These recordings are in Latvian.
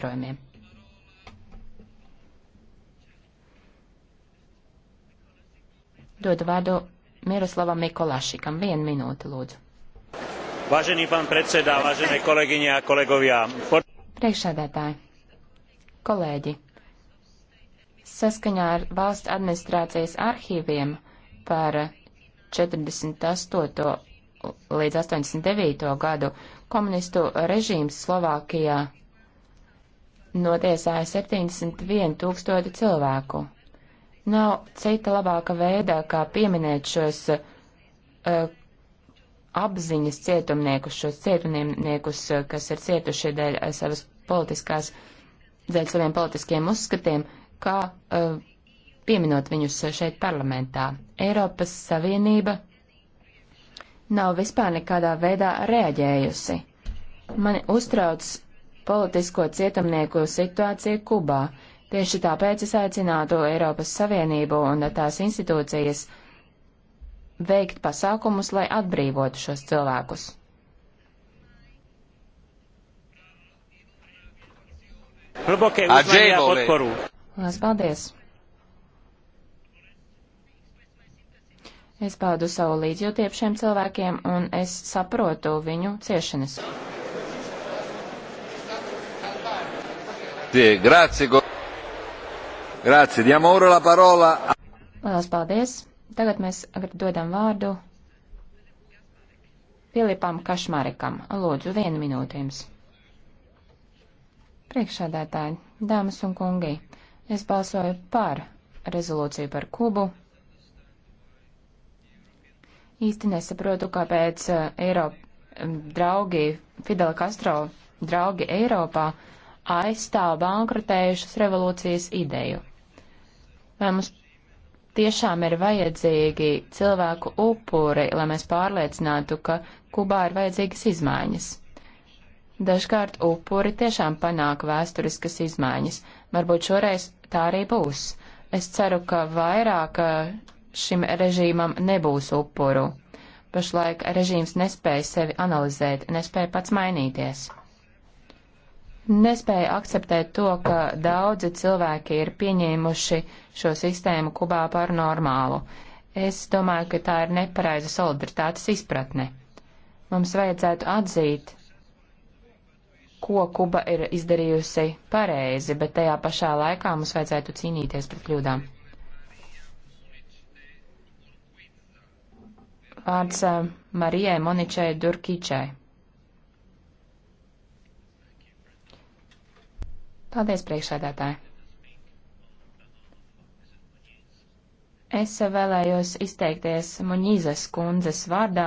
paskaidrojumiem. Dodu vārdu Miroslavam Mikolašikam. Vienu minūti, lūdzu. Vážený pán predseda, vážené kolegyne a kolegovia. For... Priekšsēdētāji, kolēģi, saskaņā ar valsts administrācijas arhīviem par 48. līdz 89. gadu komunistu režīms Slovākijā notiesāja 71 tūkstoti cilvēku. Nav cita labāka veidā, kā pieminēt šos uh, apziņas cietumniekus, šos cietumniekus, eh, kas ir cietuši dēļ eh, savas politiskās, dēļ saviem politiskiem uzskatiem, kā uh, pieminot viņus šeit parlamentā. Eiropas Savienība nav vispār nekādā veidā reaģējusi. Mani uztrauc politisko cietumnieku situāciju Kubā. Tieši tāpēc es aicinātu Eiropas Savienību un tās institūcijas veikt pasākumus, lai atbrīvotu šos cilvēkus. Lielas paldies! Es paudu savu līdzjūtību šiem cilvēkiem, un es saprotu viņu ciešanas. Grazie, grazie. Grazie, diamo ora la parola. Lielas paldies. Tagad mēs dodam vārdu Filipam Kašmarekam. Lūdzu, vienu minūti jums. Priekšādātāji, dāmas un kungi, es balsoju par rezolūciju par Kubu. Īsti nesaprotu, kāpēc eh, Eiropa draugi, Fidela Castro draugi Eiropā aizstāv bankrotējušas revolūcijas ideju. Vai mums tiešām ir vajadzīgi cilvēku upuri, lai mēs pārliecinātu, ka Kubā ir vajadzīgas izmaiņas? Dažkārt upuri tiešām panāk vēsturiskas izmaiņas. Varbūt šoreiz tā arī būs. Es ceru, ka vairāk šim režīmam nebūs upuru. Pašlaik režīms nespēja sevi analizēt, nespēja pats mainīties nespēja akceptēt to, ka daudzi cilvēki ir pieņēmuši šo sistēmu Kubā par normālu. Es domāju, ka tā ir nepareiza solidaritātes izpratne. Mums vajadzētu atzīt, ko Kuba ir izdarījusi pareizi, bet tajā pašā laikā mums vajadzētu cīnīties pret kļūdām. Vārds eh, Marijai Moničai Durkičai. Paldies, priekšsēdētāji! Es vēlējos izteikties Muņīzes kundzes vārdā,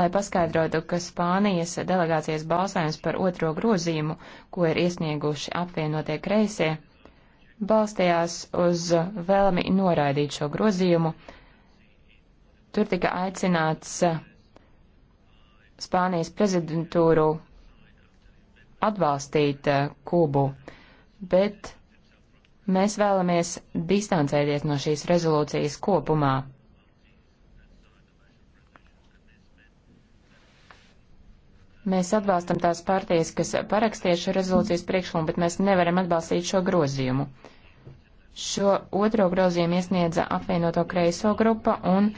lai paskaidrotu, ka Spānijas delegācijas balsājums par otro grozījumu, ko ir iesnieguši apvienotie kreisie, balstījās uz vēlmi noraidīt šo grozījumu. Tur tika aicināts Spānijas prezidentūru atbalstīt eh, Kubu. Uh, bet mēs vēlamies distancēties no šīs rezolūcijas kopumā. Mēs atbalstam tās partijas, kas parakstīja šo rezolūcijas priekšlikumu, bet mēs nevaram atbalstīt šo grozījumu. Šo otro grozījumu iesniedza apvienoto kreiso grupa un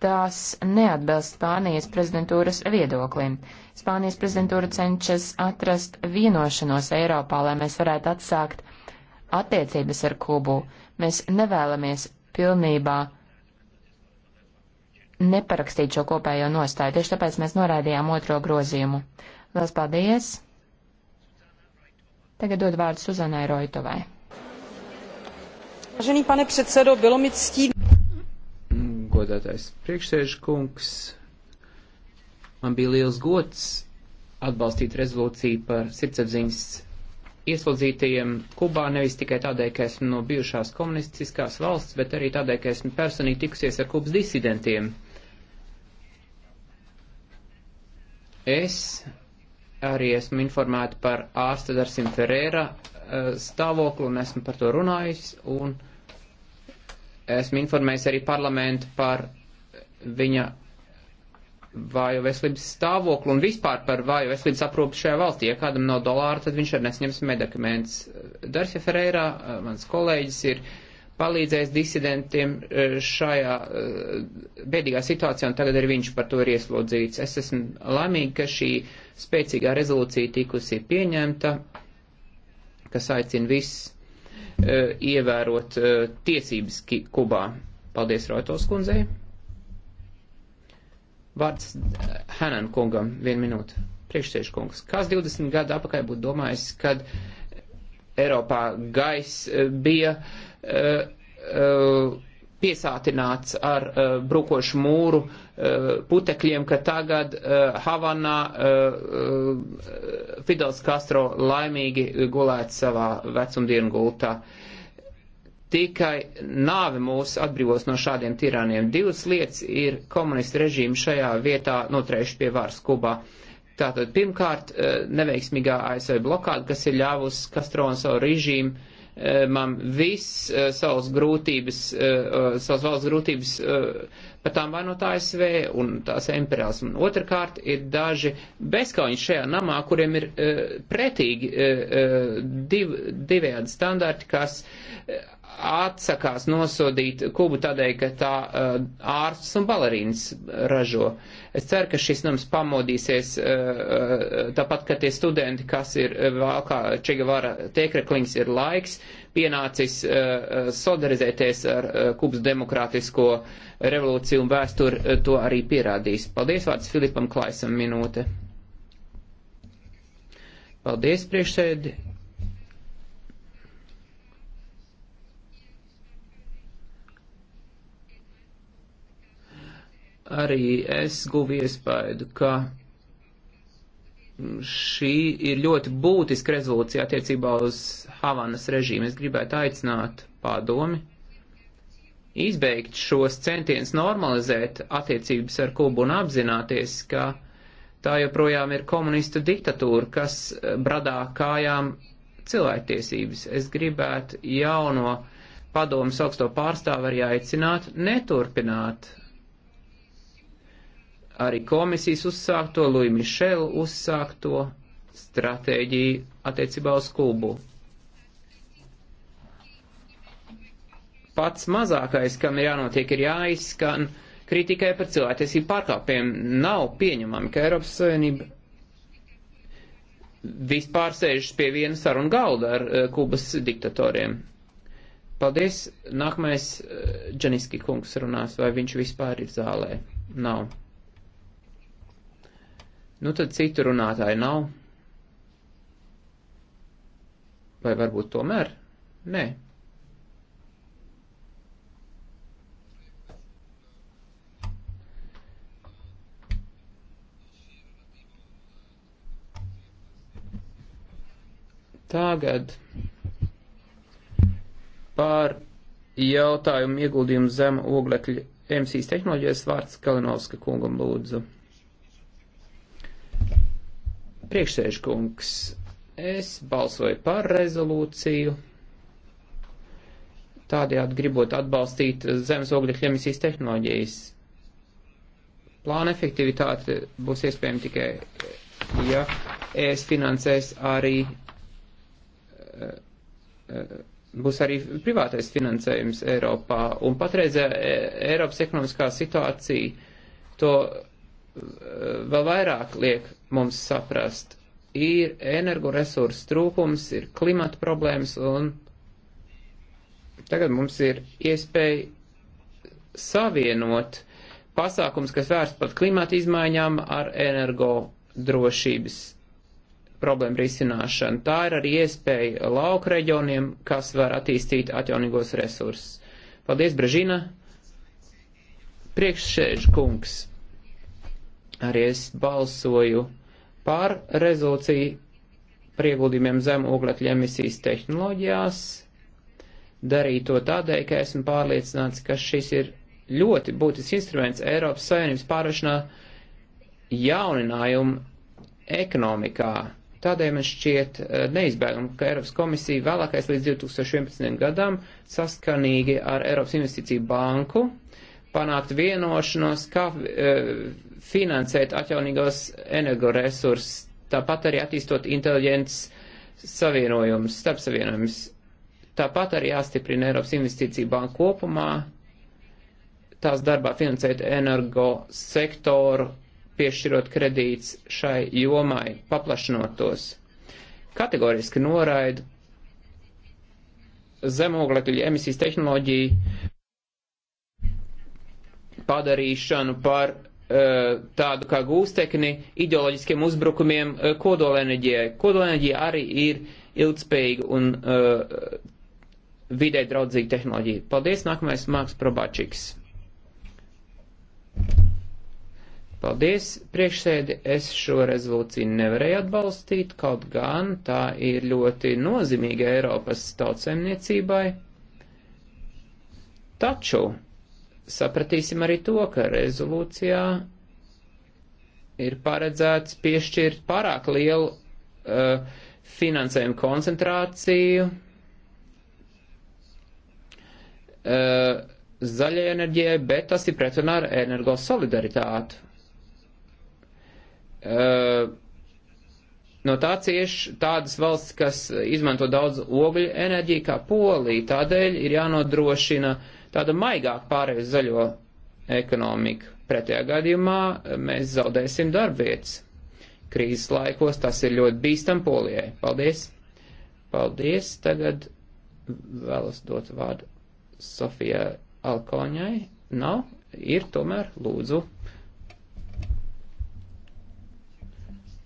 tās neatbilst Spānijas prezidentūras viedoklim. Spānijas prezidentūra cenšas atrast vienošanos Eiropā, lai mēs varētu atsākt attiecības ar Kubu. Mēs nevēlamies pilnībā neparakstīt šo kopējo nostāju, tieši tāpēc mēs noraidījām otro grozījumu. Lielas paldies! Tagad dod vārdu Suzanai Roitovai. Vážený pane předsedo, bylo mi ctí priekšsēdētājs. Priekšsēžu kungs, man bija liels gods atbalstīt rezolūciju par sirdsapziņas ieslodzītajiem Kubā nevis tikai tādēļ, ka esmu no bijušās komunistiskās valsts, bet arī tādēļ, ka esmu personīgi tikusies ar Kubas disidentiem. Es arī esmu informēta par ārsta Darsim Ferēra eh, stāvokli un esmu par to runājis. Un, uh, Esmu informējis arī parlamentu par viņa vāju veselības stāvokli un vispār par vāju veselības aprūpi šajā valstī. Ja kādam nav dolāra, tad viņš arī nesņems medikaments. Darja Ferreira, mans kolēģis, ir palīdzējis disidentiem eh, šajā eh, bēdīgā situācijā, un tagad arī viņš par to ir ieslodzīts. Es esmu laimīgi, ka šī spēcīgā rezolūcija tikusi pieņemta, kas aicina visus Eh, ievērot eh, tiesības Kubā. Paldies Roitos kundzei. Vārds eh, Hanan kungam, vienu minūtu. Priekšsēžu kungs. Kas 20 gadu apakaļ būtu domājis, kad Eiropā gaiss bija. Uh, uh, piesātināts ar uh, brukošu mūru uh, putekļiem, ka tagad uh, Havanā uh, uh, Fidels Castro laimīgi gulēt savā vecumdienu gultā. Tikai nāve mūs atbrīvos no šādiem tirāniem. Divas lietas ir komunistu režīmu šajā vietā noturējuši pie varas Kubā. Tātad pirmkārt, uh, neveiksmīgā ASV blokāda, kas ir ļāvusi Castro un savu režīmu uh, Eh, man viss eh, savas grūtības, eh, savas valsts grūtības par tām vainot ASV un tās imperiālismu. Otrakārt ir daži bezkauņi šajā namā, kuriem ir pretīgi div, divējādi standarti, kas atsakās nosodīt Kubu tādēļ, ka tā uh, ārsts un balerīns ražo. Es ceru, ka šis noms pamodīsies, uh, tāpat, ka tie studenti, kas ir vēl kā Čegavara tiekreklings, ir laiks pienācis uh, sodarizēties ar uh, Kubas demokrātisko revolūciju un vēsturi, uh, to arī pierādīs. Paldies vārds Filipam Klaisam minūte. Paldies priekšsēdi arī es guvu iespaidu, ka šī ir ļoti būtiska rezolūcija attiecībā uz Havanas režīmu. Es gribētu aicināt pārdomi izbeigt šos centienus normalizēt attiecības ar Kubu un apzināties, ka tā joprojām ir komunistu diktatūra, kas bradā kājām cilvēktiesības. Es gribētu jauno padomu augsto pārstāvu arī aicināt neturpināt arī komisijas uzsākto, Lui Mišelu uzsākto stratēģiju attiecībā uz Kubu. Pats mazākais, kam ir jānotiek, ir jāizskan kritikai par cilvēktiesību pārkāpiem. Nav pieņemami, ka Eiropas Savienība vispār sēžas pie viena saruna galda ar uh, Kubas diktatoriem. Paldies. Nākamais eh, Džaniski kungs runās, vai viņš vispār ir zālē. Nav. Nu tad citu runātāju nav. Vai varbūt tomēr? Nē. Tagad par jautājumu ieguldījumu zem oglekļa emisijas tehnoloģijas vārds Kalinovska kungam lūdzu. Priekšsēžkungs, es balsoju par rezolūciju, tādējādi gribot atbalstīt zemes ogļu emisijas tehnoloģijas. Plāna efektivitāte būs iespējama tikai, ja es finansēs arī, eh, eh, būs arī privātais finansējums Eiropā, un patreizē eh, Eiropas ekonomiskā situācija to vēl vairāk liek mums saprast. Ir energoresursu trūkums, ir klimata problēmas, un tagad mums ir iespēja savienot pasākums, kas vērsts pat klimata izmaiņām ar energo drošības problēmu risināšanu. Tā ir arī iespēja lauka reģioniem, kas var attīstīt atjaunīgos resursus. Paldies, Brežina! Priekšsēž kungs! Arī es balsoju par rezolūciju par ieguldījumiem zem oglekļa emisijas tehnoloģijās. Darīju to tādēļ, ka esmu pārliecināts, ka šis ir ļoti būtisks instruments Eiropas Savienības pārvešanā jauninājumu ekonomikā. Tādēļ man šķiet eh, neizbēgami, ka Eiropas komisija vēlākais līdz 2011. gadam saskanīgi ar Eiropas investīciju banku panākt vienošanos, kā e, finansēt atjaunīgos energoresursus, tāpat arī attīstot inteliģents savienojums, starpsavienojums. Tāpat arī jāstiprina Eiropas investīcija banka kopumā, tās darbā finansēt energo sektoru, piešķirot kredīts šai jomai, paplašinot tos. Kategoriski noraidu zemoglekļu emisijas tehnoloģiju padarīšanu par eh, tādu kā gūstekni ideoloģiskiem uzbrukumiem eh, kodolenerģijai. Kodolenerģija arī ir ilgspējīga un uh, vidē draudzīga tehnoloģija. Paldies, nākamais Māks Probačiks. Paldies, priekšsēdi, es šo rezolūciju nevarēju atbalstīt, kaut gan tā ir ļoti nozīmīga Eiropas tautsemniecībai. Taču sapratīsim arī to, ka rezolūcijā ir paredzēts piešķirt pārāk lielu uh, finansējumu koncentrāciju uh, zaļajai enerģijai, bet tas ir pretrunā ar energo solidaritātu. Uh, no tā cieši tādas valsts, kas izmanto daudz ogļu enerģiju, kā Polija. Tādēļ ir jānodrošina uh, tādu maigāku pārēju zaļo ekonomiku. Pretējā gadījumā eh, mēs zaudēsim darbvietas. Krīzes laikos tas ir ļoti bīstam polijai. Paldies! Paldies! Tagad vēlos dot vārdu Sofijai Alkoņai. Nav? Ir tomēr lūdzu.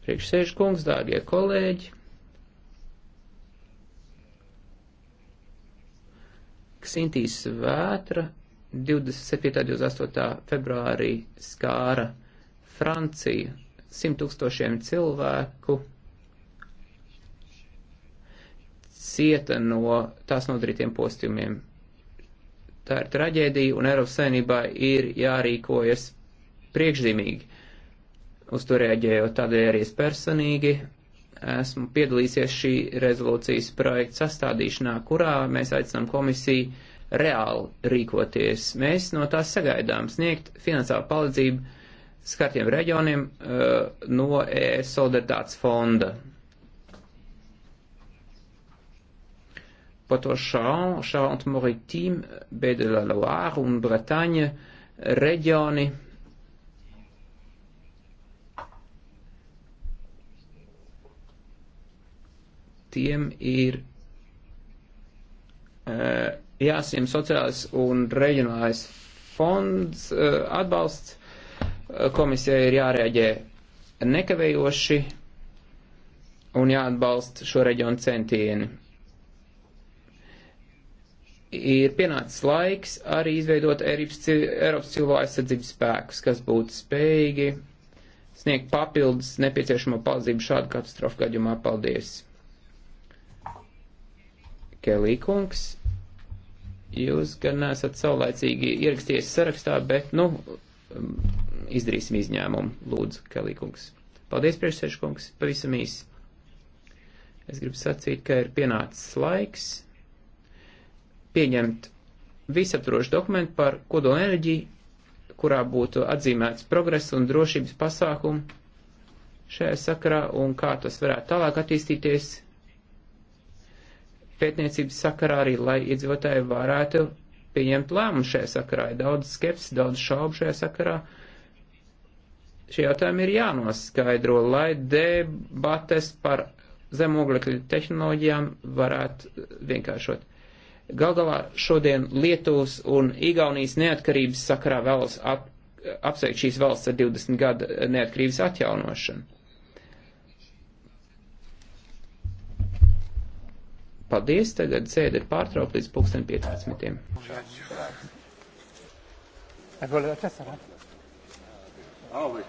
Priekšsēžu kungs, dārgie kolēģi! Ksintīs vētra 27. un 28. februārī skāra Franciju simt tūkstošiem cilvēku cieta no tās nodarītiem postījumiem. Tā ir traģēdija, un Eiropas saimnībā ir jārīkojas priekšzīmīgi. Uz to reaģējot tādēļ arī es personīgi esmu piedalīsies šī rezolūcijas projekta sastādīšanā, kurā mēs aicinām komisiju reāli rīkoties. Mēs no tās sagaidām sniegt finansālu palīdzību skartiem reģioniem uh, no ES solidaritātes fonda. Potošan, Charente-Maritime, Baie-de-la-Loire un Bretagne reģioni tiem ir eh, jāsiem sociālais un reģionālais fonds eh, atbalsts. Eh, komisijai ir jārēģē nekavējoši un jāatbalsta šo reģionu centieni. Ir pienācis laiks arī izveidot Eiropas civilo aizsardzības spēkus, kas būtu spējīgi sniegt papildus nepieciešamo palīdzību šādu katastrofu gadījumā. Paldies! Kelīkungs, jūs gan esat saulaicīgi ierakstījies sarakstā, bet, nu, um, izdarīsim izņēmumu, lūdzu, Kelīkungs. Paldies, priekšsēžkungs, pavisam īsi. Es gribu sacīt, ka ir pienācis laiks pieņemt visaptrošu dokumentu par kodolenerģiju, kurā būtu atzīmēts progress un drošības pasākumu šajā sakarā un kā tas varētu tālāk attīstīties pētniecības sakarā arī, lai iedzīvotāji varētu pieņemt lēmumu šajā sakarā. Ir daudz skepsis, daudz šaubu šajā sakarā. Šie jautājumi ir jānoskaidro, lai debates par zemogļu tehnoloģijām varētu vienkāršot. Gal galā šodien Lietuvas un Igaunijas neatkarības sakarā vēlas ap, apsveikt šīs valsts ar 20 gadu neatkarības atjaunošanu. Paldies, tagad sēde ir pārtraukta līdz pulksten 15. Ah oui.